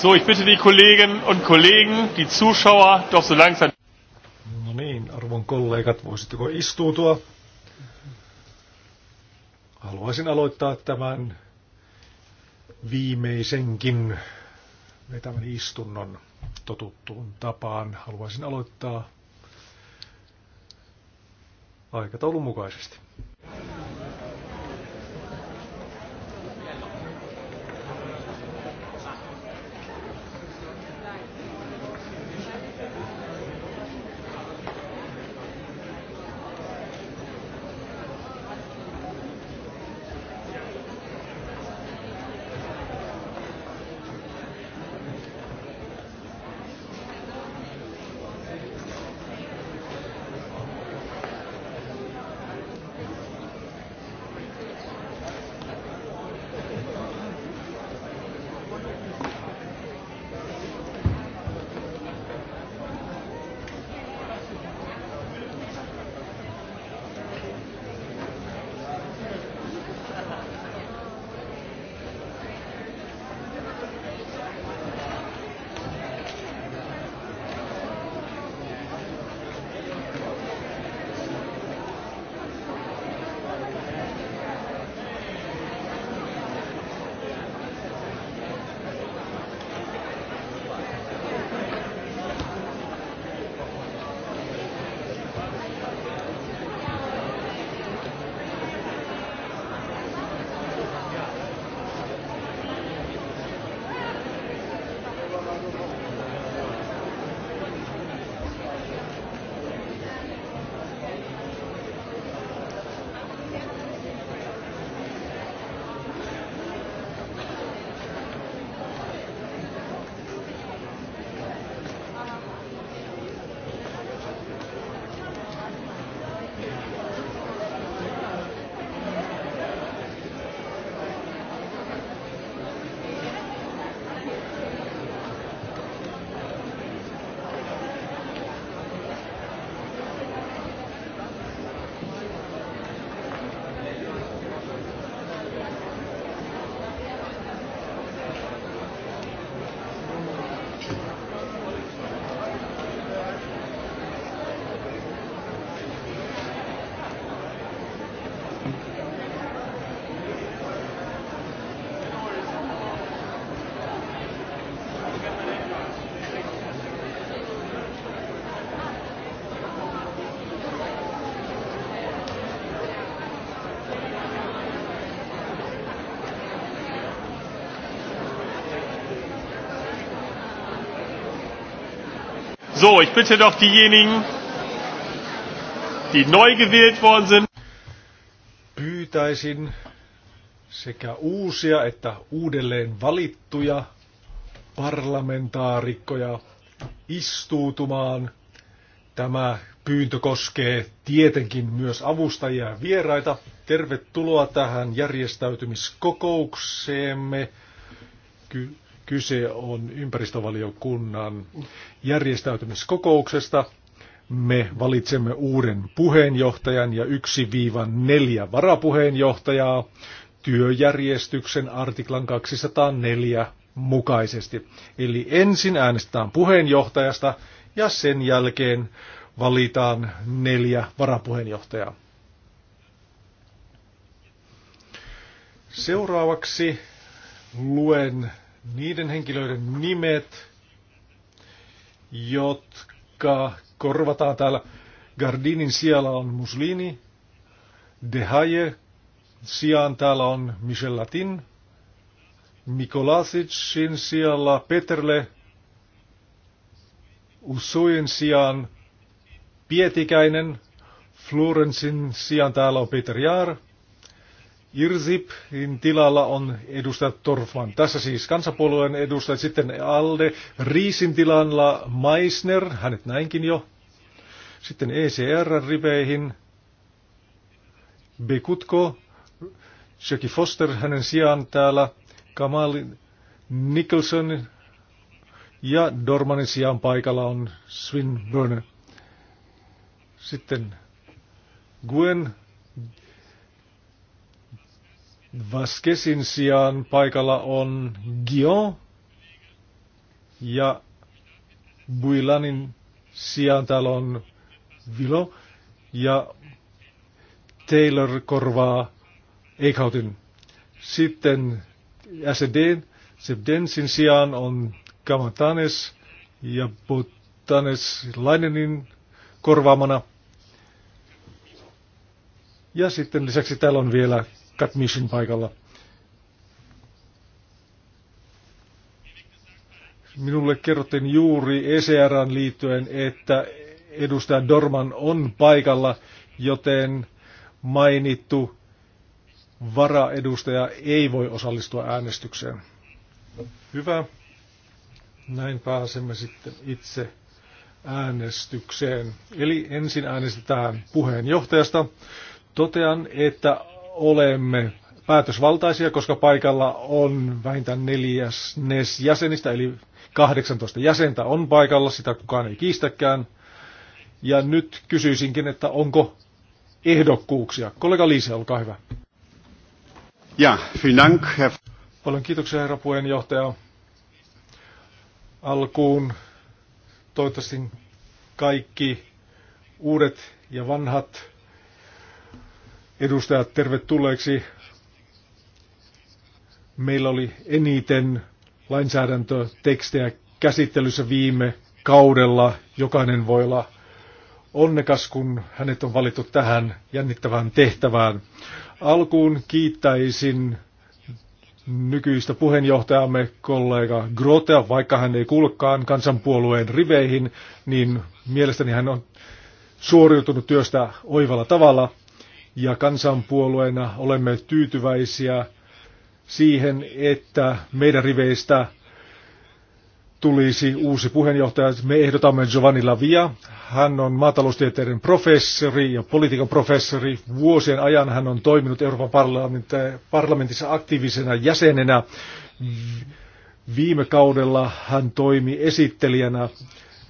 So, ich bitte die Kolleginnen und Kollegen, die Zuschauer, doch so langsam. No niin, arvon kollegat, voisitteko istuutua? Haluaisin aloittaa tämän viimeisenkin vetämän istunnon totuttuun tapaan. Haluaisin aloittaa aikataulun mukaisesti. So, ich bitte doch diejenigen, die neu gewählt worden sind. Pyytäisin sekä uusia että uudelleen valittuja parlamentaarikkoja istuutumaan. Tämä pyyntö koskee tietenkin myös avustajia ja vieraita. Tervetuloa tähän järjestäytymiskokoukseemme. Ky- Kyse on ympäristövaliokunnan järjestäytymiskokouksesta. Me valitsemme uuden puheenjohtajan ja 1-4 varapuheenjohtajaa työjärjestyksen artiklan 204 mukaisesti. Eli ensin äänestetään puheenjohtajasta ja sen jälkeen valitaan neljä varapuheenjohtajaa. Seuraavaksi luen niiden henkilöiden nimet, jotka korvataan täällä. Gardinin siellä on Muslini, De Haye, sijaan täällä on Michel Latin, Mikolasicin sijalla Peterle, Usuin sijaan Pietikäinen, Florensin sijaan täällä on Peter Jaar, Irsipin tilalla on edustaja Torfman. Tässä siis kansapuolueen edustajat. Sitten Alde. Riisin tilalla Meissner, hänet näinkin jo. Sitten ECR-riveihin. Bekutko. Jackie Foster hänen sijaan täällä. Kamal Nicholson. Ja Dormanin sijaan paikalla on Swinburne. Sitten Gwen Vaskesin sijaan paikalla on Gio ja Builanin sijaan täällä on Vilo ja Taylor korvaa Eichhautin. Sitten SD, Sebdensin sijaan on Kamatanes ja Botanes Lainenin korvaamana. Ja sitten lisäksi täällä on vielä Katmishin paikalla. Minulle kerrottiin juuri ECRan liittyen, että edustaja Dorman on paikalla, joten mainittu varaedustaja ei voi osallistua äänestykseen. Hyvä. Näin pääsemme sitten itse äänestykseen. Eli ensin äänestetään puheenjohtajasta. Totean, että olemme päätösvaltaisia, koska paikalla on vähintään neljäs e jäsenistä, eli 18 jäsentä on paikalla, sitä kukaan ei kiistäkään. Ja nyt kysyisinkin, että onko ehdokkuuksia. Kollega Liise, olkaa hyvä. Ja, dank, herr... Paljon kiitoksia, herra puheenjohtaja. Alkuun toivottavasti kaikki uudet ja vanhat edustajat tervetulleeksi. Meillä oli eniten lainsäädäntötekstejä käsittelyssä viime kaudella. Jokainen voi olla onnekas, kun hänet on valittu tähän jännittävään tehtävään. Alkuun kiittäisin nykyistä puheenjohtajamme kollega Grotea, vaikka hän ei kuulkaan kansanpuolueen riveihin, niin mielestäni hän on suoriutunut työstä oivalla tavalla ja kansanpuolueena olemme tyytyväisiä siihen, että meidän riveistä tulisi uusi puheenjohtaja. Me ehdotamme Giovanni Lavia. Hän on maataloustieteiden professori ja politiikan professori. Vuosien ajan hän on toiminut Euroopan parlamentissa aktiivisena jäsenenä. Viime kaudella hän toimi esittelijänä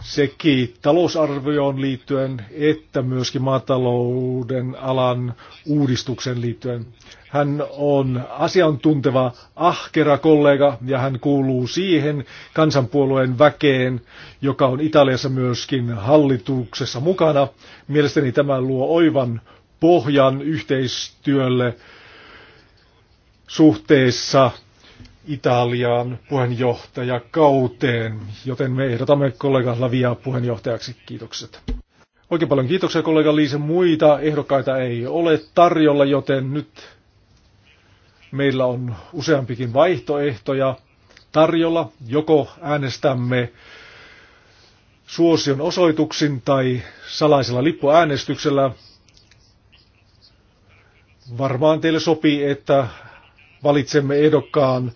sekä talousarvioon liittyen että myöskin maatalouden alan uudistuksen liittyen. Hän on asiantunteva, ahkera kollega ja hän kuuluu siihen kansanpuolueen väkeen, joka on Italiassa myöskin hallituksessa mukana. Mielestäni tämä luo oivan pohjan yhteistyölle suhteessa Italiaan puheenjohtajakauteen, joten me ehdotamme kollega Lavia puheenjohtajaksi. Kiitokset. Oikein paljon kiitoksia kollega Liise. Muita ehdokkaita ei ole tarjolla, joten nyt meillä on useampikin vaihtoehtoja tarjolla. Joko äänestämme suosion osoituksin tai salaisella lippuäänestyksellä. Varmaan teille sopii, että valitsemme ehdokkaan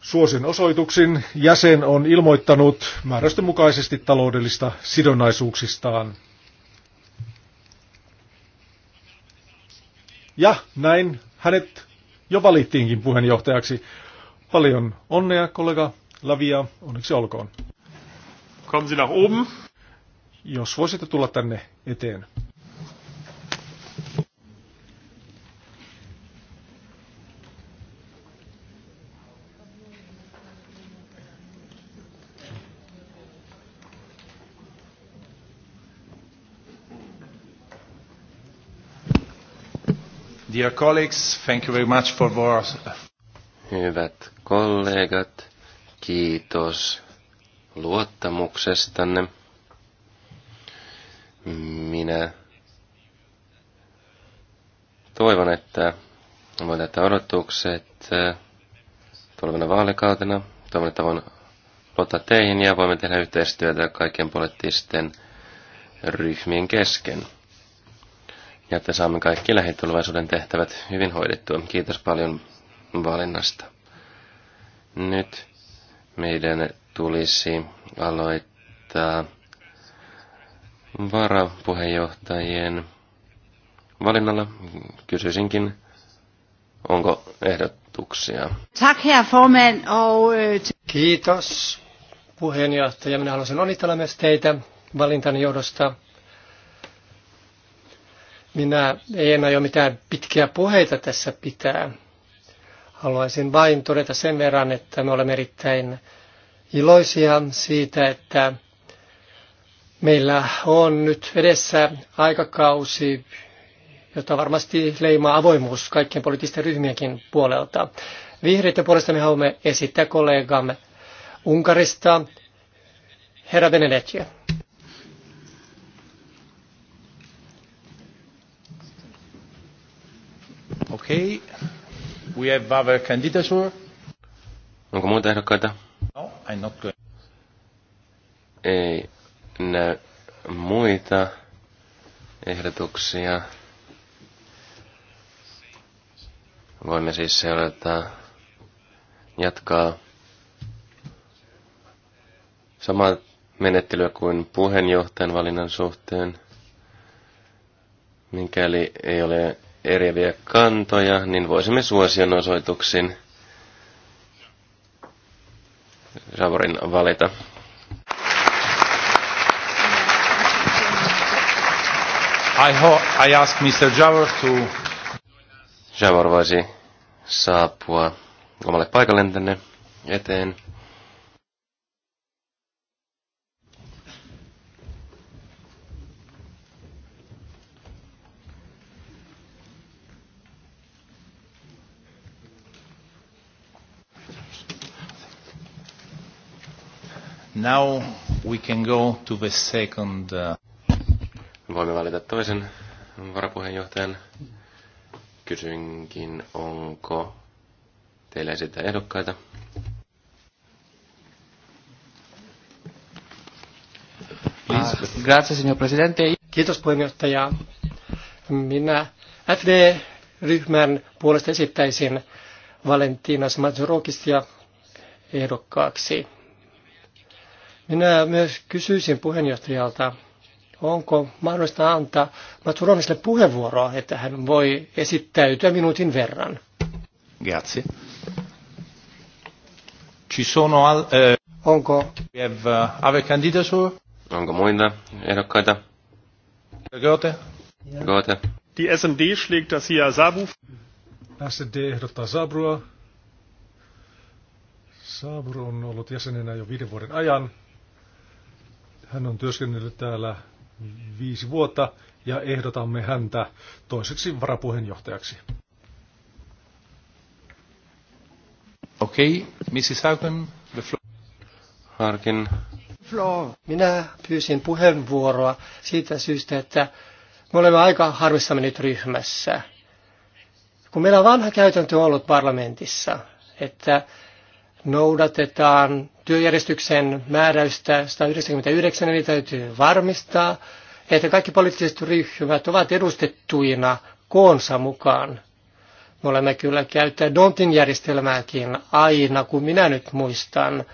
Suosin osoituksin jäsen on ilmoittanut määräysten mukaisesti taloudellista sidonnaisuuksistaan. Ja näin hänet jo valittiinkin puheenjohtajaksi. Paljon onnea, kollega Lavia. Onneksi olkoon. Kommen Sie nach oben. Jos voisitte tulla tänne eteen. Dear colleagues, thank you very much for Hyvät kollegat, kiitos luottamuksestanne. Minä toivon, että voin täyttää odotukset eh, tulevana vaalikautena. Toivon, että voin luottaa teihin ja voimme tehdä yhteistyötä kaikkien poliittisten ryhmien kesken ja että saamme kaikki lähitulevaisuuden tehtävät hyvin hoidettua. Kiitos paljon valinnasta. Nyt meidän tulisi aloittaa varapuheenjohtajien valinnalla. Kysyisinkin, onko ehdotuksia? Øh, Kiitos puheenjohtaja. Minä haluaisin onnitella myös teitä valintani johdosta. Minä en aio mitään pitkiä puheita tässä pitää. Haluaisin vain todeta sen verran, että me olemme erittäin iloisia siitä, että meillä on nyt edessä aikakausi, jota varmasti leimaa avoimuus kaikkien poliittisten ryhmienkin puolelta. Vihreiden puolesta me haluamme esittää kollegamme Unkarista, herra Benedetti. Okay. We have other candidature. Onko muita ehdokkaita? No, I'm not going. Ei näy muita ehdotuksia. Voimme siis seurata, jatkaa samaa menettelyä kuin puheenjohtajan valinnan suhteen. Mikäli ei ole eriäviä kantoja, niin voisimme suosion osoituksin Savorin valita. I, ho- I ask Mr. Javor to... Javor voisi saapua omalle paikalleen tänne eteen. Now we can go to the second... Uh, Voimme valita toisen varapuheenjohtajan. Kysynkin, onko teillä sitä ehdokkaita? Grazie, signor Presidente. Kiitos puheenjohtaja. Minä FD-ryhmän puolesta esittäisin Valentina Smazzurokistia ehdokkaaksi. Minä myös kysyisin puheenjohtajalta, onko mahdollista antaa Maturoniselle puheenvuoroa, että hän voi esittäytyä minuutin verran. Grazie. Ci sono al, eh, onko we have, uh, Onko muita ehdokkaita? Goethe. Goethe. Die SMD schlägt das hier Sabu. SMD ehdottaa Sabrua. Sabru on ollut jäsenenä jo viiden vuoden ajan. Hän on työskennellyt täällä viisi vuotta ja ehdotamme häntä toiseksi varapuheenjohtajaksi. Okei, okay, Mrs. Hauken, the floor. Harkin. Floor. Minä pyysin puheenvuoroa siitä syystä, että me olemme aika harvissamme nyt ryhmässä. Kun meillä on vanha käytäntö ollut parlamentissa, että noudatetaan työjärjestyksen määräystä 199, niin täytyy varmistaa, että kaikki poliittiset ryhmät ovat edustettuina koonsa mukaan. Me olemme kyllä käyttäneet Dontin järjestelmääkin aina, kun minä nyt muistan.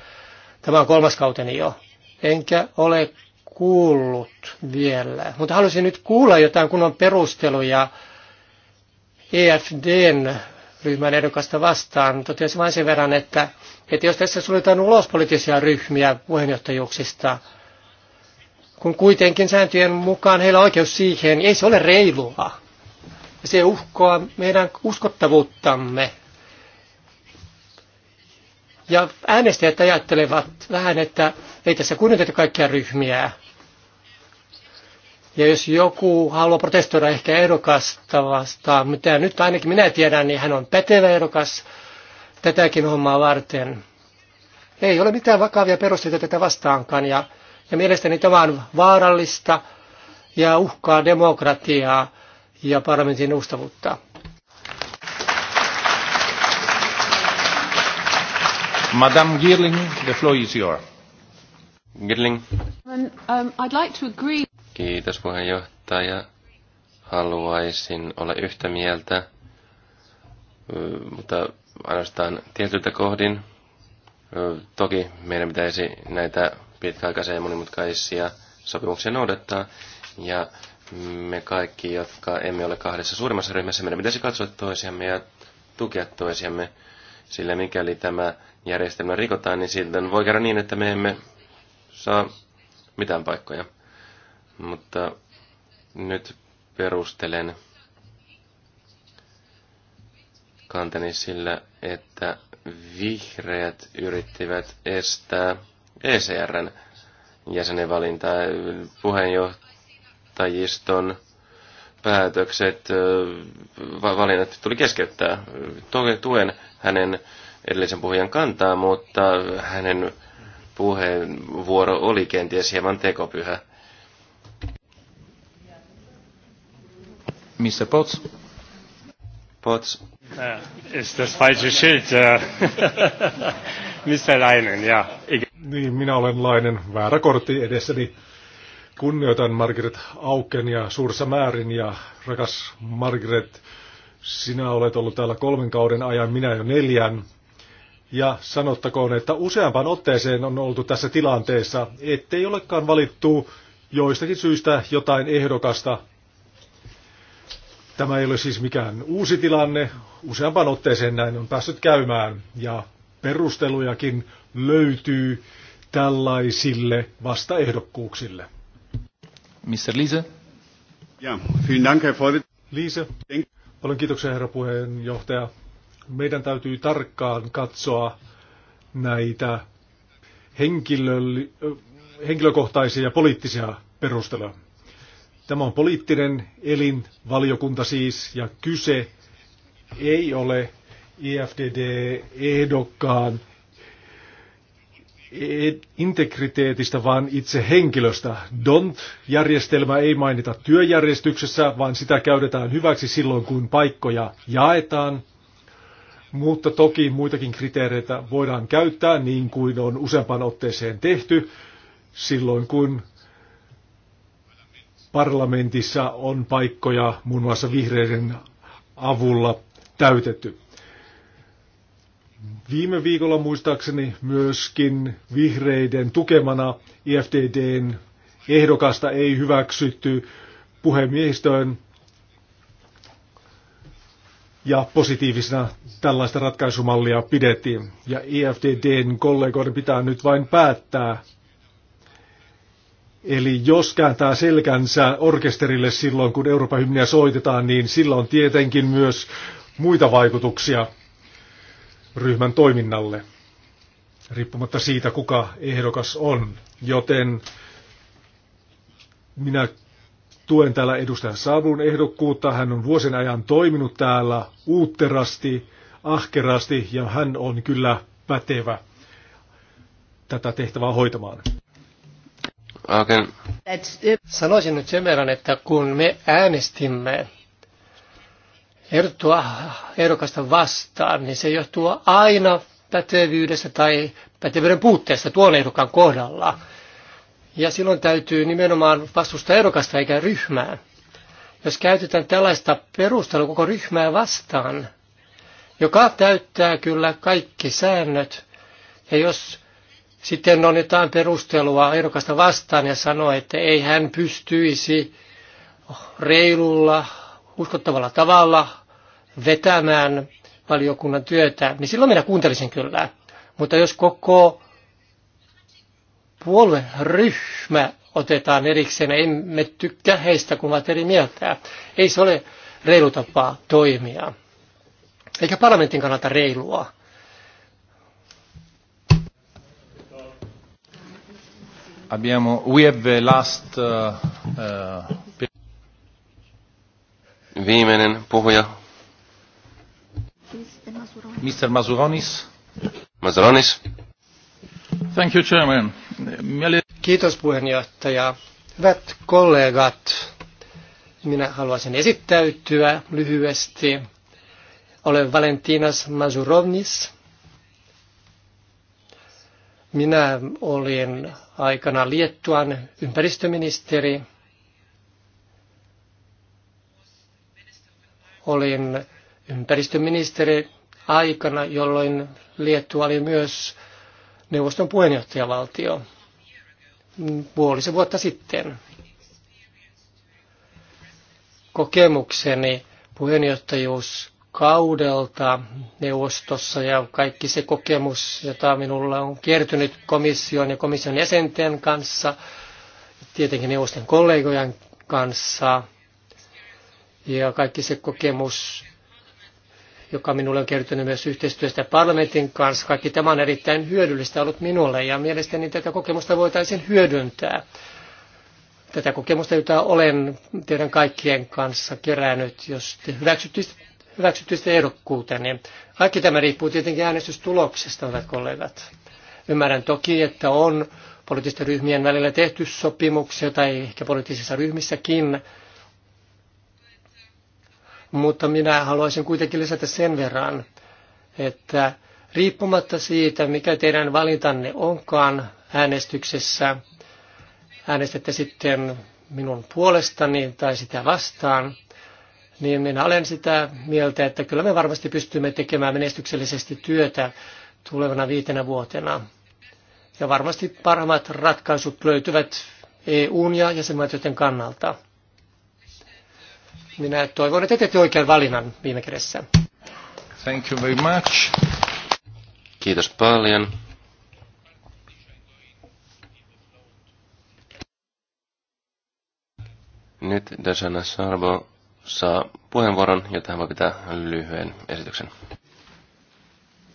Tämä on kolmas kauteni jo. Enkä ole kuullut vielä. Mutta halusin nyt kuulla jotain kunnon perusteluja EFDn ryhmän ehdokasta vastaan. Totesin vain sen verran, että, että jos tässä suljetaan ulos poliittisia ryhmiä puheenjohtajuuksista, kun kuitenkin sääntöjen mukaan heillä on oikeus siihen, niin ei se ole reilua. Se uhkoa meidän uskottavuuttamme. Ja äänestäjät ajattelevat vähän, että ei tässä kunnioiteta kaikkia ryhmiä. Ja jos joku haluaa protestoida ehkä ehdokasta vastaan, mitä nyt ainakin minä tiedän, niin hän on pätevä ehdokas tätäkin hommaa varten. Ei ole mitään vakavia perusteita tätä vastaankaan ja, ja mielestäni tämä on vaarallista ja uhkaa demokratiaa ja parlamentin uustavuutta. Madame Girling, the floor is yours. Girling. Um, I'd like to agree. Kiitos puheenjohtaja. Haluaisin olla yhtä mieltä, mutta ainoastaan tietyltä kohdin. Toki meidän pitäisi näitä pitkäaikaisia ja monimutkaisia sopimuksia noudattaa. Ja me kaikki, jotka emme ole kahdessa suurimmassa ryhmässä, meidän pitäisi katsoa toisiamme ja tukea toisiamme. Sillä mikäli tämä järjestelmä rikotaan, niin silloin voi käydä niin, että me emme saa mitään paikkoja. Mutta nyt perustelen kantani sillä, että vihreät yrittivät estää ECRn jäsenenvalintaa Puheenjohtajiston päätökset, valinnat tuli keskeyttää. Tuen hänen edellisen puhujan kantaa, mutta hänen puheenvuoro oli kenties hieman tekopyhä. Mr. Potts. Potts. Ja, eh, ist das falsche Schild. Eh? Mr. Leinen, ja. Niin, minä olen Lainen, väärä kortti edessäni. Kunnioitan Margaret Auken ja suurissa määrin ja rakas Margaret, sinä olet ollut täällä kolmen kauden ajan, minä jo neljän. Ja sanottakoon, että useampaan otteeseen on oltu tässä tilanteessa, ettei olekaan valittu joistakin syistä jotain ehdokasta, Tämä ei ole siis mikään uusi tilanne. Useampaan otteeseen näin on päässyt käymään ja perustelujakin löytyy tällaisille vastaehdokkuuksille. Mr. Liese. Ja, vielen Dank, Herr Liese. Paljon kiitoksia, herra puheenjohtaja. Meidän täytyy tarkkaan katsoa näitä henkilö, henkilökohtaisia ja poliittisia perusteluja. Tämä on poliittinen elin, valiokunta siis, ja kyse ei ole IFDD-ehdokkaan e e- integriteetistä, vaan itse henkilöstä. DONT-järjestelmä ei mainita työjärjestyksessä, vaan sitä käytetään hyväksi silloin, kun paikkoja jaetaan. Mutta toki muitakin kriteereitä voidaan käyttää, niin kuin on useampaan otteeseen tehty, silloin kun parlamentissa on paikkoja muun muassa vihreiden avulla täytetty. Viime viikolla muistaakseni myöskin vihreiden tukemana IFDDn ehdokasta ei hyväksytty puhemiehistöön ja positiivisena tällaista ratkaisumallia pidettiin. Ja EFDDn kollegoiden pitää nyt vain päättää, Eli jos kääntää selkänsä orkesterille silloin, kun Euroopan hymniä soitetaan, niin sillä on tietenkin myös muita vaikutuksia ryhmän toiminnalle, riippumatta siitä, kuka ehdokas on. Joten minä tuen täällä edustajan Saavun ehdokkuutta. Hän on vuosien ajan toiminut täällä uutterasti, ahkerasti ja hän on kyllä pätevä tätä tehtävää hoitamaan. Okay. Sanoisin nyt sen verran, että kun me äänestimme ehdottua ehdokasta vastaan, niin se johtuu aina pätevyydestä tai pätevyyden puutteesta tuon ehdokkaan kohdalla. Ja silloin täytyy nimenomaan vastustaa ehdokasta eikä ryhmää. Jos käytetään tällaista perustelua koko ryhmää vastaan, joka täyttää kyllä kaikki säännöt, ja jos sitten on jotain perustelua ehdokasta vastaan ja sanoo, että ei hän pystyisi reilulla, uskottavalla tavalla vetämään valiokunnan työtä, niin silloin minä kuuntelisin kyllä. Mutta jos koko puolueryhmä otetaan erikseen, niin emme tykkää heistä, kun ovat eri mieltä. Ei se ole reilu tapa toimia. Eikä parlamentin kannalta reilua. Abbiamo, we have the last, uh, uh, Viimeinen puhuja. Mr. Masuronis. Masuronis. Thank you, Chairman. Kiitos puheenjohtaja. Hyvät kollegat, minä haluaisin esittäytyä lyhyesti. Olen Valentinas Masurovnis minä olin aikana Liettuan ympäristöministeri. Olin ympäristöministeri aikana, jolloin Liettua oli myös neuvoston puheenjohtajavaltio puolisen vuotta sitten. Kokemukseni puheenjohtajuus kaudelta neuvostossa ja kaikki se kokemus, jota minulla on kiertynyt komission ja komission jäsenten kanssa, tietenkin neuvoston kollegojen kanssa ja kaikki se kokemus, joka minulle on kertynyt myös yhteistyöstä parlamentin kanssa. Kaikki tämä on erittäin hyödyllistä ollut minulle ja mielestäni tätä kokemusta voitaisiin hyödyntää. Tätä kokemusta, jota olen teidän kaikkien kanssa kerännyt, jos te hyväksytte hyväksyttyistä ehdokkuuteni. Kaikki tämä riippuu tietenkin äänestystuloksesta, hyvät kollegat. Ymmärrän toki, että on poliittisten ryhmien välillä tehty sopimuksia tai ehkä poliittisissa ryhmissäkin, mutta minä haluaisin kuitenkin lisätä sen verran, että riippumatta siitä, mikä teidän valintanne onkaan äänestyksessä, äänestätte sitten minun puolestani tai sitä vastaan, niin minä olen sitä mieltä, että kyllä me varmasti pystymme tekemään menestyksellisesti työtä tulevana viitenä vuotena. Ja varmasti parhaimmat ratkaisut löytyvät EUn ja jäsenvaltioiden kannalta. Minä toivon, että teette oikean valinnan viime kädessä. Thank you very much. Kiitos paljon. Nyt Dajana Sarbo saa puheenvuoron, jotta tähän voi pitää lyhyen esityksen.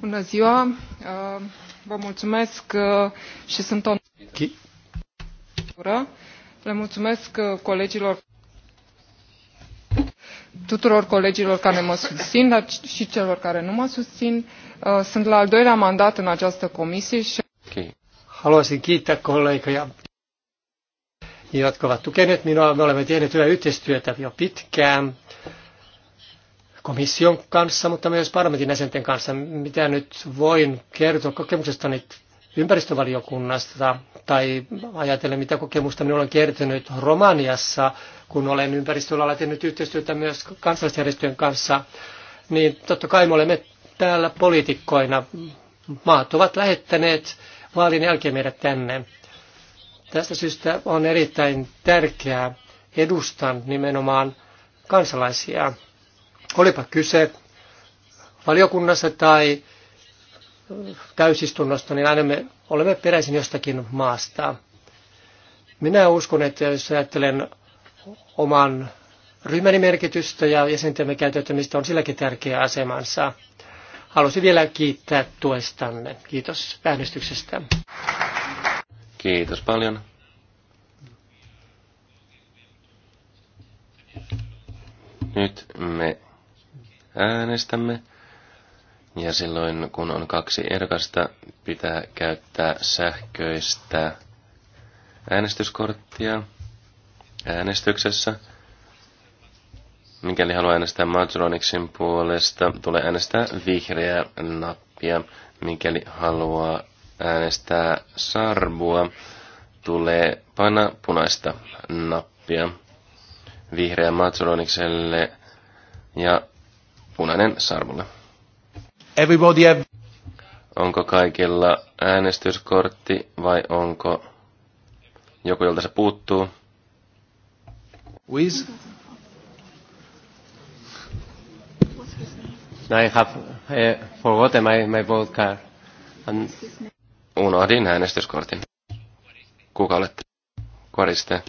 Bună ziua, uh, vă mulțumesc și sunt o Le mulțumesc uh, colegilor tuturor colegilor care mă susțin, dar și celor care nu mă susțin. Uh, sunt la al doilea mandat în această comisie și... Haluaisin kiittää jotka ovat tukeneet minua. Me olemme tehneet hyvää yhteistyötä jo pitkään komission kanssa, mutta myös parlamentin jäsenten kanssa. Mitä nyt voin kertoa kokemuksestani ympäristövaliokunnasta tai ajatellen, mitä kokemusta minulla on kertynyt Romaniassa, kun olen ympäristöllä, tehnyt yhteistyötä myös kansalaisjärjestöjen kanssa, niin totta kai me olemme täällä poliitikkoina. Maat ovat lähettäneet vaalin jälkeen meidät tänne. Tästä syystä on erittäin tärkeää edustan nimenomaan kansalaisia. Olipa kyse valiokunnassa tai täysistunnosta, niin aina me olemme peräisin jostakin maasta. Minä uskon, että jos ajattelen oman ryhmäni merkitystä ja jäsentemme käyttäytymistä, on silläkin tärkeä asemansa. Haluaisin vielä kiittää tuestanne. Kiitos äänestyksestä. Kiitos paljon. Nyt me äänestämme. Ja silloin kun on kaksi erkasta, pitää käyttää sähköistä äänestyskorttia äänestyksessä. Mikäli haluaa äänestää Matroniksin puolesta, tulee äänestää vihreää nappia. Mikäli haluaa äänestää sarbua, tulee pana punaista nappia vihreä Matsulonikselle ja punainen sarbulle. Everybody have... Onko kaikilla äänestyskortti vai onko joku, jolta se puuttuu? Wiz? I have uh, forgotten my, my vote card. And... Unohdin äänestyskortin. Kuka olette? Koriste.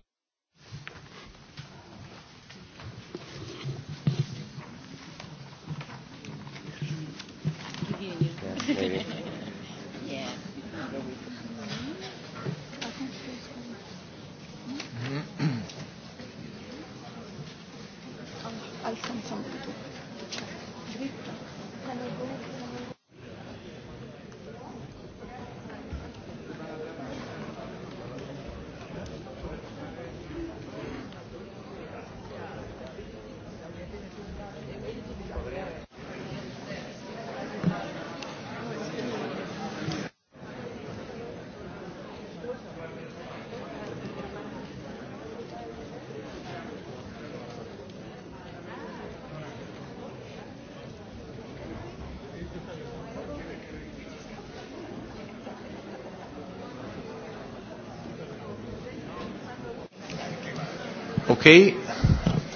Okay,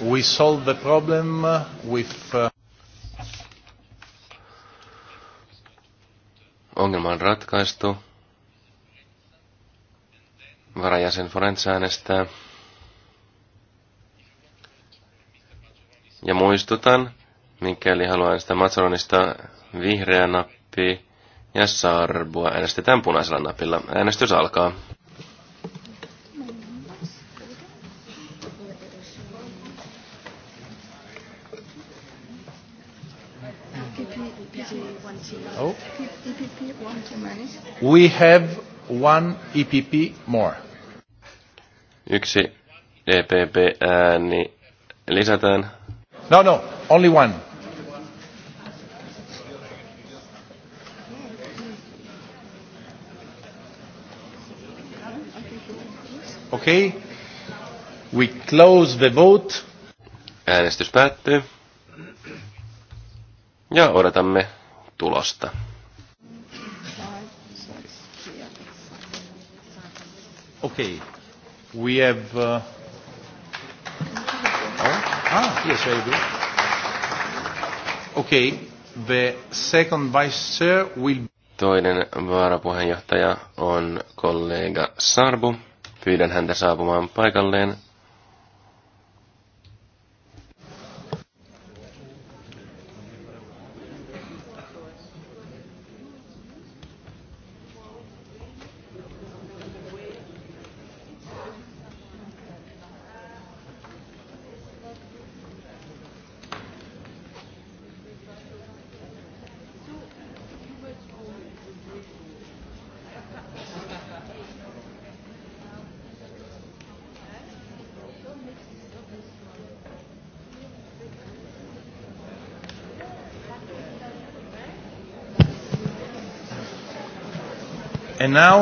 we solved the problem with... Uh... Ongelma on ratkaistu. Varajäsen Forens äänestää. Ja muistutan, mikäli haluaa äänestää Matsalonista vihreä nappi ja Sarbua äänestetään punaisella napilla. Äänestys alkaa. We have one EPP more. Yksi EPP-ääni lisätään. No, no, only one. Okay. We close the vote. Äänestys päättyy. Ja odotamme tulosta. Okay. We have. Uh, oh, ah, yes, I agree. Okay. The second vice chair will. Toinen varapuheenjohtaja on kollega Sarbu. Pyydän häntä saapumaan paikalleen And now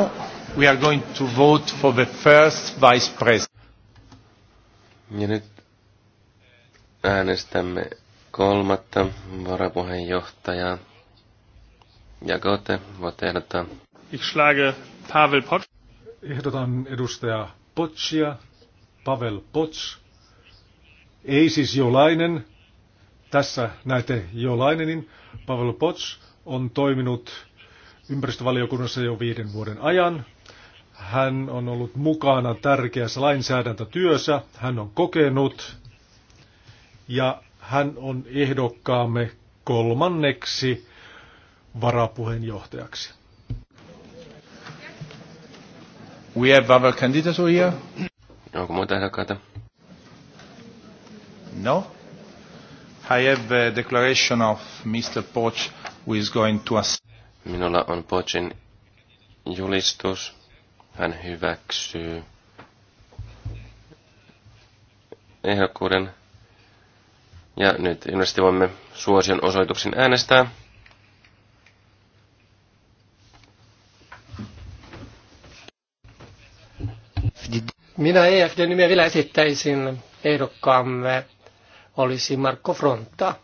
we are going to vote for the first vice president. Ja nyt äänestämme kolmatta varapuheenjohtajaa. Ja Gote, voit ehdottaa. Ich schlage Pavel Potsch. Ehdotan edustaja Potschia, Pavel Potsch. Ei siis Jolainen. Tässä näette Jolainenin. Pavel Potsch on toiminut ympäristövaliokunnassa jo viiden vuoden ajan. Hän on ollut mukana tärkeässä lainsäädäntötyössä, hän on kokenut ja hän on ehdokkaamme kolmanneksi varapuheenjohtajaksi. We have other candidates here. Onko muita ehdokkaita? No. I have a declaration of Mr. Poch who is going to assist. Minulla on Pochin julistus. Hän hyväksyy ehdokkuuden. Ja nyt ilmeisesti voimme suosion osoituksen äänestää. Minä efd nimiä vielä esittäisin ehdokkaamme olisi Marko Fronta.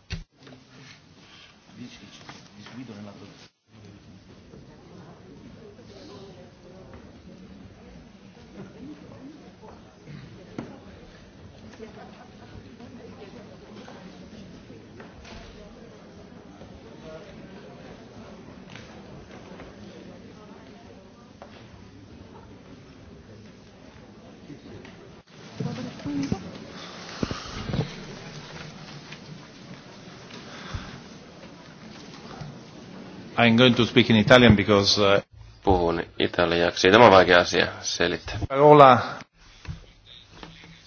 I'm going to speak in Italian because... Uh, Puhun italiaksi. Tämä on vaikea asia selittää. Ola.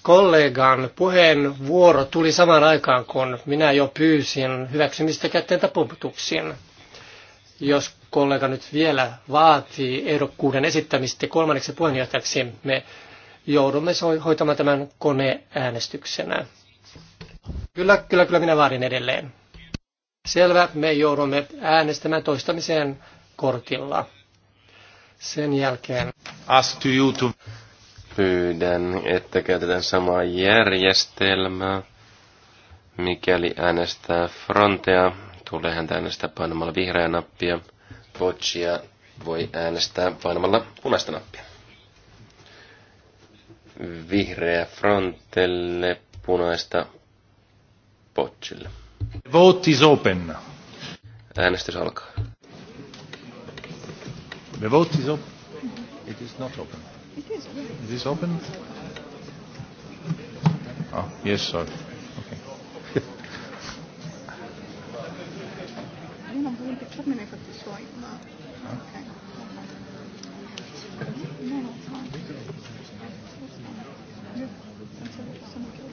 Kollegan puheenvuoro tuli samaan aikaan, kun minä jo pyysin hyväksymistä kätteen taputuksin. Jos kollega nyt vielä vaatii ehdokkuuden esittämistä kolmanneksi puheenjohtajaksi, me joudumme hoitamaan tämän koneäänestyksenä. Kyllä, kyllä, kyllä minä vaadin edelleen. Selvä, me joudumme äänestämään toistamiseen kortilla. Sen jälkeen... Ask to you to... Pyydän, että käytetään samaa järjestelmää. Mikäli äänestää Frontea, tulee häntä äänestää painamalla vihreää nappia. Vocia voi äänestää painamalla punaista nappia. Vihreä Frontelle, punaista potsille. Vote is open. Äänestys alkaa. The vote is open. It is not open. It is open. It is open. Oh, yes, sorry. Okay. Okay.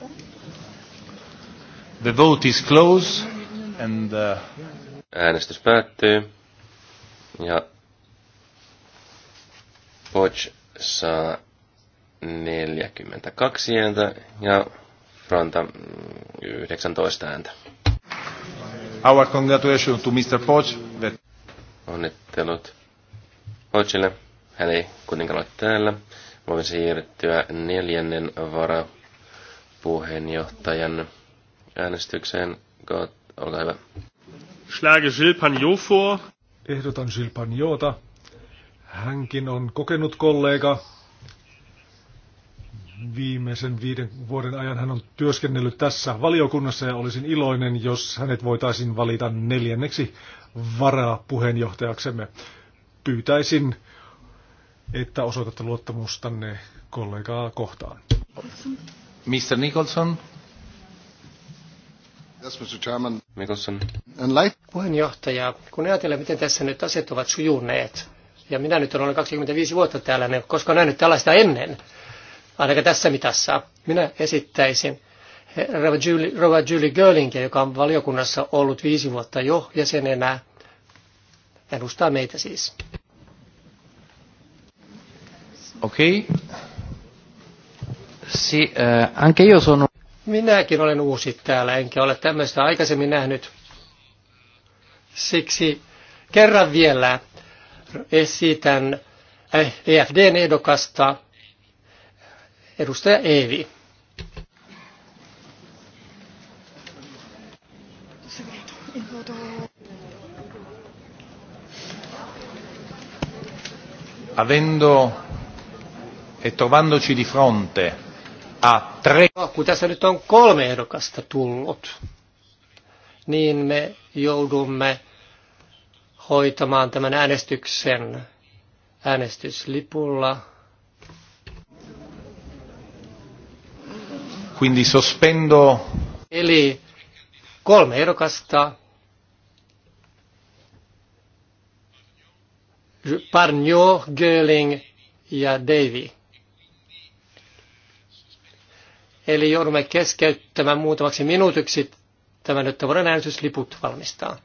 The vote is closed and uh... Äänestys päättyy ja Poch saa 42 ääntä ja Franta 19 mm, ääntä. Our congratulations to Mr. Poch. That... Onnittelut Pochille. Hän ei kuitenkaan ole täällä. Voimme siirtyä neljännen varapuheenjohtajan puheenjohtajan äänestykseen. God, olkaa hyvä. Schläge Gilles Pagnot vor. Ehdotan Gilles Pagnota. Hänkin on kokenut kollega. Viimeisen viiden vuoden ajan hän on työskennellyt tässä valiokunnassa ja olisin iloinen, jos hänet voitaisiin valita neljänneksi puheenjohtajaksemme. Pyytäisin, että osoitatte luottamustanne kollegaa kohtaan. Mr. Nicholson. Yes, Mr. Chairman. Mikkelson. Puheenjohtaja, kun ajatellaan, miten tässä nyt aset ovat sujuneet, ja minä nyt olen 25 vuotta täällä, niin koska olen nähnyt tällaista ennen, ainakaan tässä mitassa. Minä esittäisin Rova Julie, Rova Julie Görlingia, joka on valiokunnassa ollut viisi vuotta jo jäsenenä, edustaa meitä siis. Okei. Okay. Si, uh, anche io sono... Minäkin olen uusi täällä, enkä ole tämmöistä aikaisemmin nähnyt. Siksi kerran vielä esitän äh, EFDn ehdokasta edustaja Eevi. Avendo e trovandoci di fronte tre. No, kun tässä nyt on kolme ehdokasta tullut, niin me joudumme hoitamaan tämän äänestyksen äänestyslipulla. Quindi sospendo. Eli kolme ehdokasta. Parnio, Göling ja Davy. Eli joudumme keskeyttämään muutamaksi minuutiksi tämän, että voidaan äänestysliput valmistaa.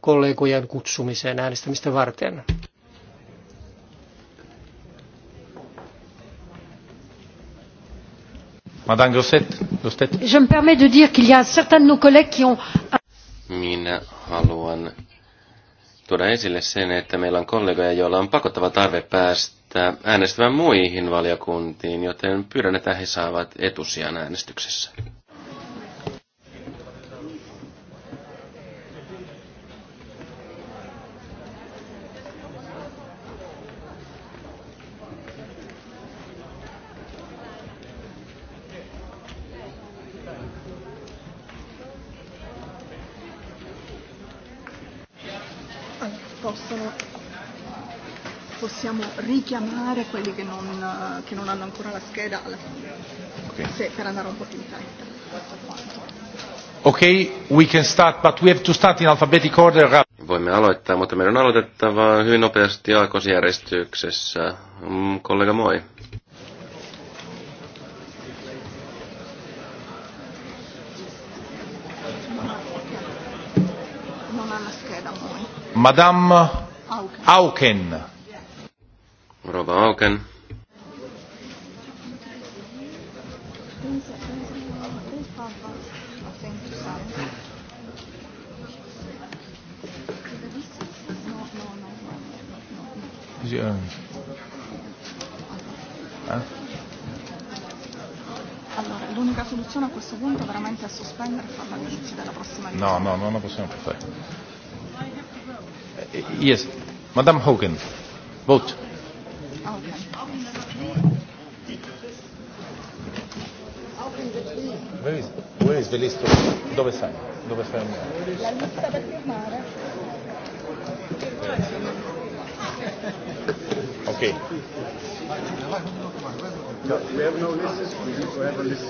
kollegojen kutsumiseen äänestämistä varten. Madame Grosset, Grosset. Je me permets de dire qu'il y a certains de nos collègues qui ont... Minä haluan tuoda esille sen, että meillä on kollegoja, joilla on pakottava tarve päästä äänestämään muihin valiokuntiin, joten pyydän, että he saavat etusijan äänestyksessä. chiamare quelli che non, eh, che non hanno ancora la scheda alla fine, okay. se, per andare un po' più in fretta. Okay, we can start, but we have to start in alphabetic order. Voimme aloittaa, mutta meidän on aloitettava hyvin nopeasti aakosjärjestyksessä. Mm, kollega, moi. Madame Auken. Auken. Rova Auken. Is eh? Allora, l'unica soluzione a questo punto veramente è sospendere e farla all'inizio della prossima no, riunione. No, no, non la possiamo più fare. Eh, yes, Madame Hogan, vote. is the list of... Dove sei? Dove sei? La lista da firmare. Ok. we have no We have a list.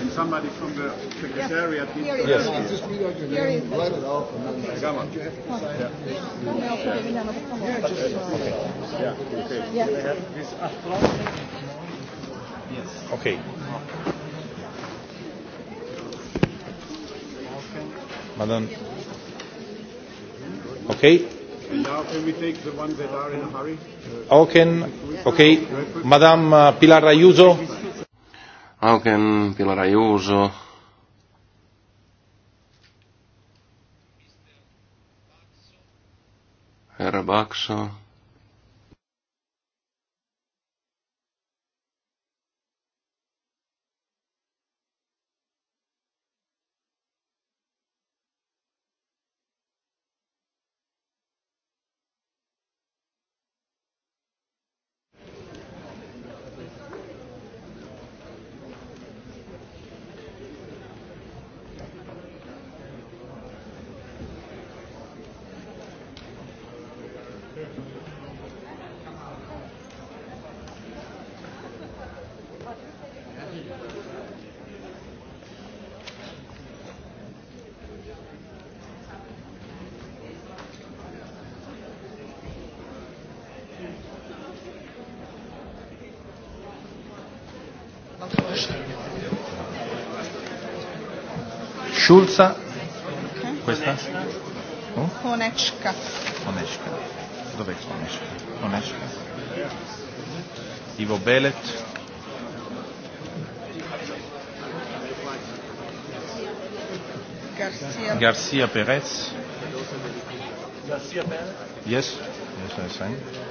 And somebody from the secretariat yes. Okay. Yeah. Okay. Yeah. Okay. Madam. Okay. Now can we take the ones that are in a hurry? How can, okay. Madam uh, Pilar Ayuso. How can Pilar Ayuso. Herr Baxo. Schulza. Questa? Oh? Hm? Onecka. Dov'è Onecka? Onecka. Ivo Belet. Garcia. Garcia Perez. Garcia Perez. Yes. Yes, I sign.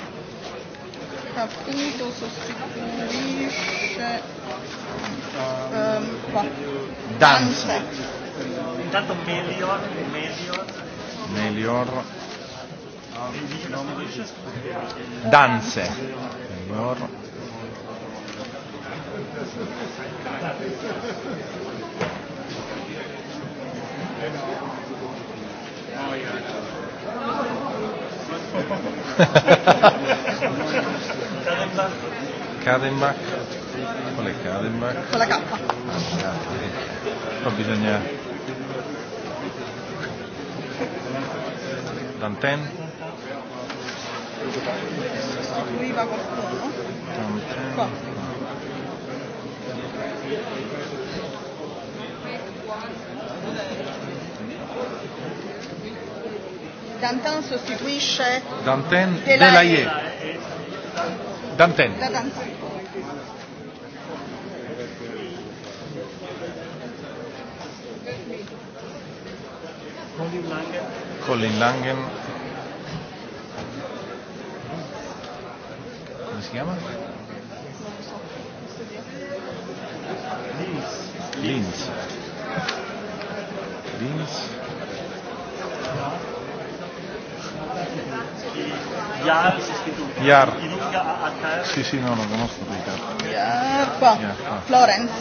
capito sostituisce um, qua. Danza. Intanto Melior, Melior. Melior. Danze. Melior. Oh, yeah. Kadenbach. Qual è Kadenbach? Con la K. Qua bisogna... Danten. Sostituiva qualcuno? Danten. Qua. Dantin sostituisce Dantin Delaye. Delaye. Danten. Colin Langen. Colin Langen. Come si chiama? Lins. Linz. Linz. Yar si scritto Yar. Sì, sì, no, lo conosco Riccardo. Yar Yar qua. Florence.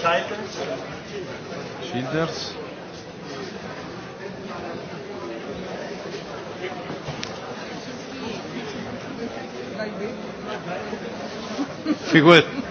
Childers. Childers. Figurati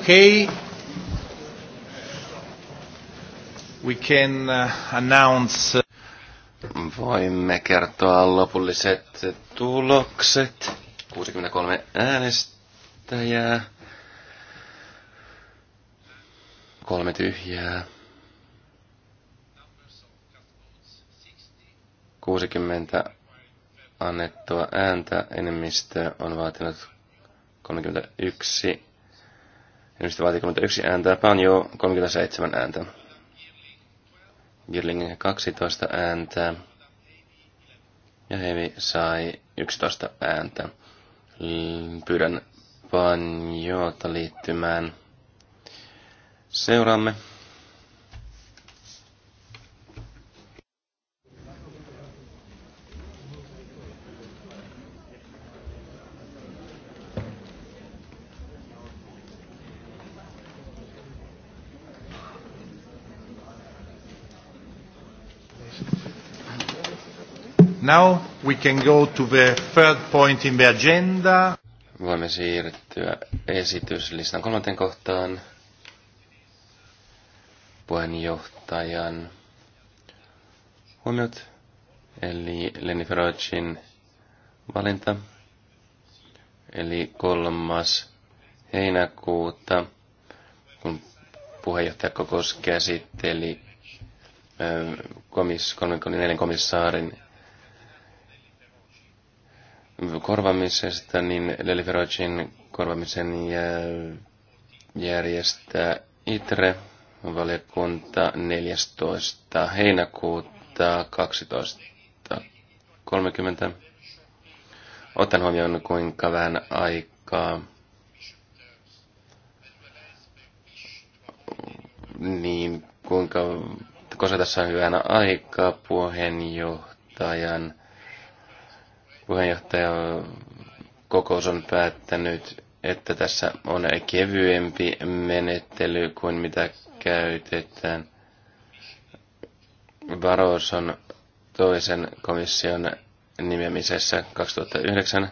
Okay. We can uh, announce. Uh, Voimme kertoa lopulliset tulokset. 63 äänestäjää. Kolme tyhjää. 60 annettua ääntä enemmistö on vaatinut 31 Yhdistä vaati 31 ääntä, Panjo 37 ääntä. Girling 12 ääntä. Ja Hevi sai 11 ääntä. Pyydän Panjoota liittymään. Seuraamme. Now we can go to the third point in the agenda. Voimme siirtyä esityslistan kolmanteen kohtaan puheenjohtajan huomiot, eli Lenny Ferrocin valinta, eli kolmas heinäkuuta, kun kokous käsitteli komis, kolmen, neljän komissaarin korvamisesta, niin Leli Ferocin korvamisen järjestää ITRE valiokunta 14. heinäkuuta 12.30. Otan huomioon, kuinka vähän aikaa niin kuinka, koska tässä on hyvänä aikaa puheenjohtajan Puheenjohtaja kokous on päättänyt, että tässä on kevyempi menettely kuin mitä käytetään on toisen komission nimeämisessä 2009,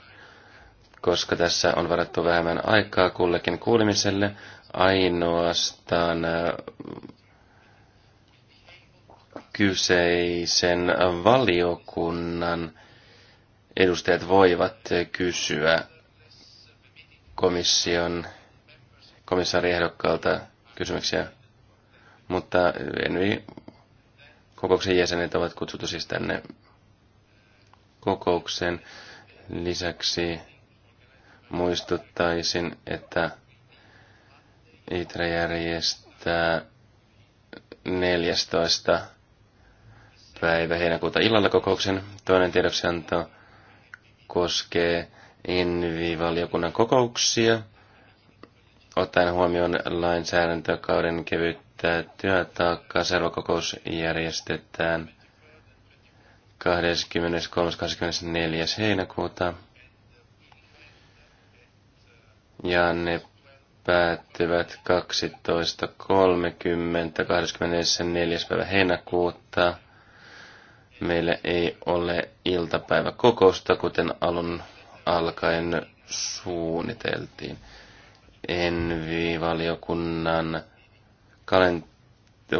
koska tässä on varattu vähemmän aikaa kullekin kuulemiselle, ainoastaan äh, kyseisen valiokunnan edustajat voivat kysyä komission komissaariehdokkaalta kysymyksiä, mutta Envi kokouksen jäsenet ovat kutsuttu siis tänne kokouksen lisäksi muistuttaisin, että ITRE järjestää 14. päivä heinäkuuta illalla kokouksen. Toinen tiedoksianto koskee Envi-valiokunnan kokouksia, ottaen huomioon lainsäädäntökauden kevyttä työtaakkaa. Seuraava kokous järjestetään 23 heinäkuuta. Ja ne päättyvät 12.30. 24. heinäkuuta Meillä ei ole iltapäiväkokousta, kuten alun alkaen suunniteltiin. Envi-valiokunnan kalent-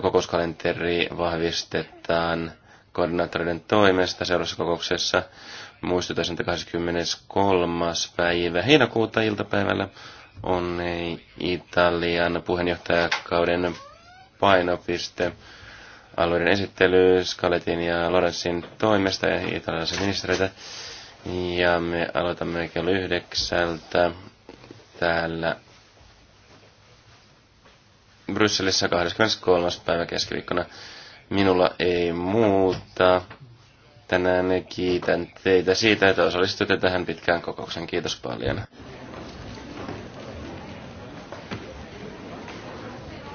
kokouskalenteri vahvistetaan koordinaattoreiden toimesta seuraavassa kokouksessa. Muistutaan, että 23. päivä heinäkuuta iltapäivällä on Italian puheenjohtajakauden painopiste alueiden esittely Skaletin ja Lorenzin toimesta ja italialaisia ministeriltä. Ja me aloitamme kello yhdeksältä täällä Brysselissä 23. päivä keskiviikkona. Minulla ei muuta. Tänään kiitän teitä siitä, että osallistuitte tähän pitkään kokouksen. Kiitos paljon.